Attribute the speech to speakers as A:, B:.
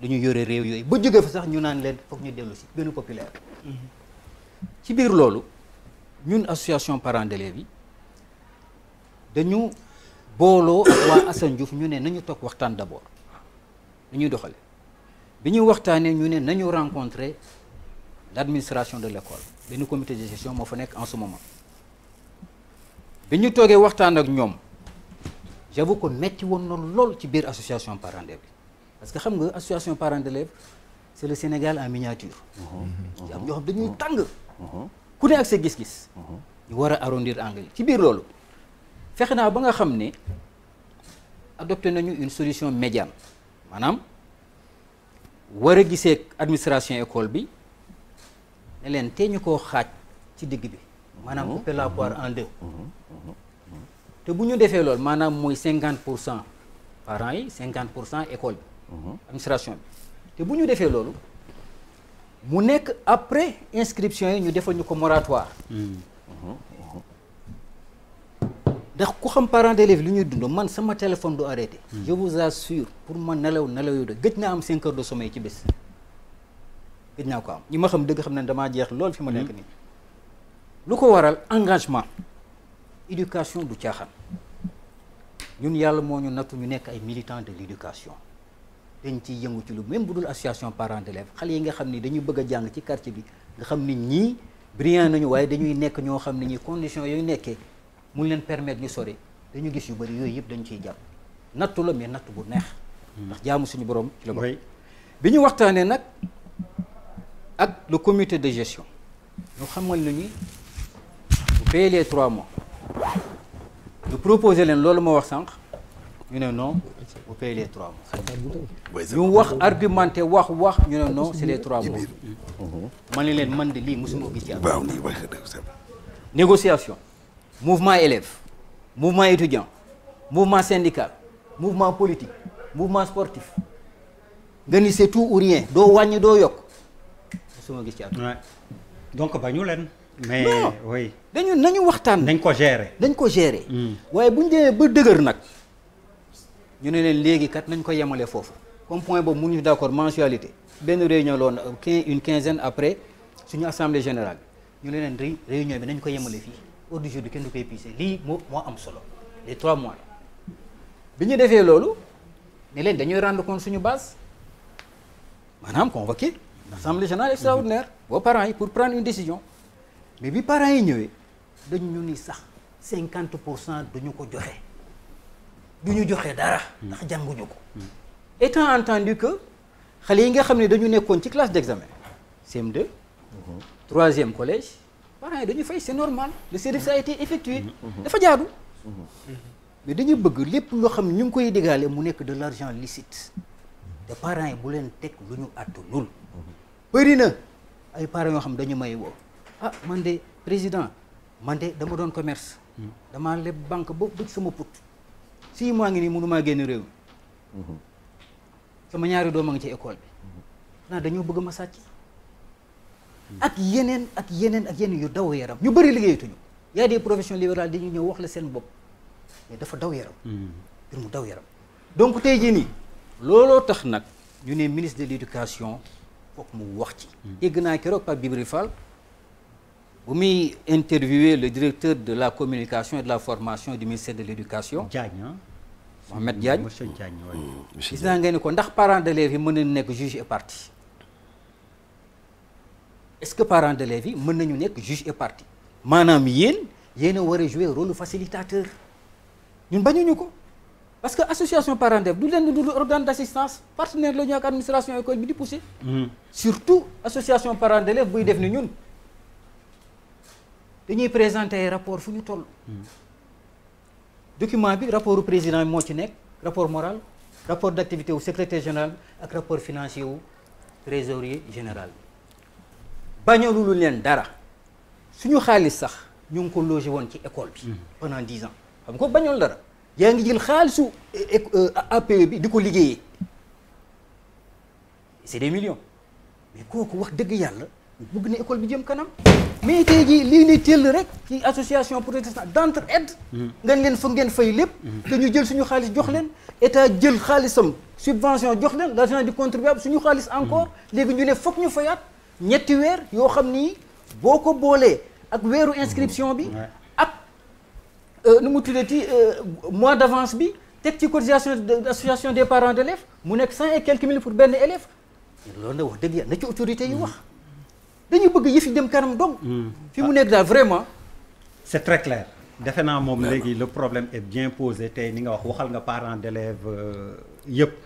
A: du ñu yore réew yooyu ba jóge fa sax ñu naan leen foog ñu dellu si benn populaire. ci biir loolu ñun association parents d'élèves yi dañu booloo ak waa Assane ñu ne nañu toog waxtaan d'abord ñuy doxale bi ñuy waxtaanee ñu ne nañu rencontrer l'administration de l'école benn comité de gestion moo fa nekk en ce moment bi ñu toogee waxtaan ak ñoom j'avoue que metti woon na lool ci biir association parents d'élèves bi parce que xam nga association parents d'élèves c'est le Sénégal en miniature. ci mhm. am ñoo xam dañuy mhm. tàng. Mhm. ku ne ak sa gis-gis. ñu war a arrondir angle ci biir loolu fexe naa ba nga xam ne adopté nañu une solution médiane maanaam war a gisee administration école bi ne leen te ñu ko xaaj ci digg bi. maanaam couper la poire en deux. te bu ñu defee loolu maanaam mooy cinquante pour cent parents yi cinquante pour cent école bi. administration bi te bu ñu defee loolu mu nekk après inscription yi ñu defal ñu ko moratoire ndax ku xam parent d'élève li ñuy dund man sama téléphone du arrêté je vous assure pour ma nelaw nelaw yu de gëj naa am cinq heures de sommeil ci bés gëj naa ko am ñi ma xam dëgg xam ne damaa jeex lool fi ma nekk nii lu ko waral engagement éducation du caaxaan ñun yàlla moo ñu nattu ñu nekk ay militants de l'éducation dañ ciy yëngu ci lu même bu dul association parents d'élèves xale yi nga xam ni dañu bëgg a jàng ci quartier bi nga xam ni ñii brillant nañu waaye dañuy nekk ñoo xam ne ñi conditions yooyu nekkee mun leen permettre ñu sori dañu gis yu bëri yooyu yëpp dañu ciy jàpp nattu la mais natt bu neex hmm. ndax jaamu suñu borom ci la bokk bi ñu waxtaanee nag ak le comité de gestion ñu xamal lu ñuy bu payé les trois mois ñu proposé leen loolu ma wax sànq ñu ne non vous payez les trois mois ñu wax argumenté wax wax ñu ne non c'est les trois mois man ni leen man de lii mosuma gis ci am négociation mouvement élève mouvement étudiant mouvement syndical mouvement politique mouvement sportif nga ni c'est tout ou rien doo wàññ doo yokk mosuma gis ci am donc ba ñu leen mais non. dañu nañu waxtaan dañ ko gérer dañ ko gérer hmm. waaye bu ñu demee ba dëgër nag ñu ne leen léegi kat nañ ko yemale foofu comme point boobu mu ngi d' accord mensualité benn réunion loon euh, une quinzaine après suñu assemblée générale ñu ne leen réunion bi nañ ko yemale fii ordre du jour bi kenn du koy pise lii moo moo am solo les trois mois bi ñu defee loolu ne leen dañuy rendre compte suñu base maanaam convoqué assemblée générale extraordinaire boo mhm. parents yi pour prendre une décision mais bi parents yi ñëwee dañu ñu ni sax cinquante pour cent duñu ko joxe du ñu joxe dara. ndax jànguñu ko. Mm. étant entendu que xale yi nga xam ne dañu nekkoon ci classe d' examen CM2. Mm-hmm. troisième collège. parents yi dañu fay c' normal le service a été effectué. Mm-hmm. dafa jaadu. Mm-hmm. mais dañu bëgg lépp loo xam ñu ngi koy dégaale mu nekk de l' argent licite. te parents yi bu leen teg lu ñu àttanul. bëri na ay parents yoo xam dañu may woo ah man de président man de dama doon commerce. Mm. damaa leb banque ba bëgg sama put. six mois ngi nii mënumaa génn réew mi mhm. sama ñaari doom a ngi ci école bi mhm. naa dañoo bëgg ma sàcc mhm. ak yeneen ak yeneen ak yeneen yu daw yaram ñu bëri liggéeyatuñu y a des professions libérales dañuy ñëw wax la seen bopp mais dafa daw yaram ngir mu daw yaram donc tey jii nii looloo tax nag ñu ne ministre de l' éducation foog mu wax ci dégg naa keroog Pape Djibril Fall bu muy interviewé le directeur de la communication et de la formation du ministère de l' éducation. Diagne Mohamed mm, Diagne monsieur Diagne mm, gis naa ngeen ni ko ndax parents d'élèves mën nañu nekk juge et partie est ce que parents d'élèves yi mën nañu nekk juge et parti maanaam yéen yéen a war a jouer rôle facilitateur ñun bañuñu ko parce que association parents d'élèves du leen du organe d' assistance partenaire la ñu ak administration école bi di poussé. Mm. surtout association parents d'élèves buy def ni ñun. dañuy présenter rapport fu ñu toll document bi rapport président moo ci nekk rapport moral rapport d' activité wu secrétaire général ak rapport financier wu trésorier général bañolu lu leen dara suñu xaalis sax ñu ngi ko logé woon ci école bi mm-hmm. pendant dix ans xam nga ko bañool dara yaa ngi jël xaalisu eh, eh, app e bi di ko liggéeyee c' est des millions mais kooku wax dëgg yàlla bëgg na école bi jëm kanam mais tey jii lii ni teel rek ci association protestante d'entraide ngeen leen fa ngeen fay lépp te ñu jël suñu xaalis jox leen état jël xaalisam subvention jox leen l'argent di contribuable suñu xaalis encore léegi ñu ne foog ñu fayaat ñetti weer yoo xam ni boo ko boolee ak weeru inscription bi ak euh, nu mu tuddati euh, mois d'avance bi teg ci cotisation association des parents d'élèves mu nekk cent et quelques mille pour benn élève loolu na wax dëgg yàlla ci autorité yi wax dañu bëgg yëf yi dem kanam donc hmm. fi mu nekk daal vraiment c'est très clair defe naa moom léegi le problème est bien posé tey ni nga wax waxal nga parents d'élèves euh, yëpp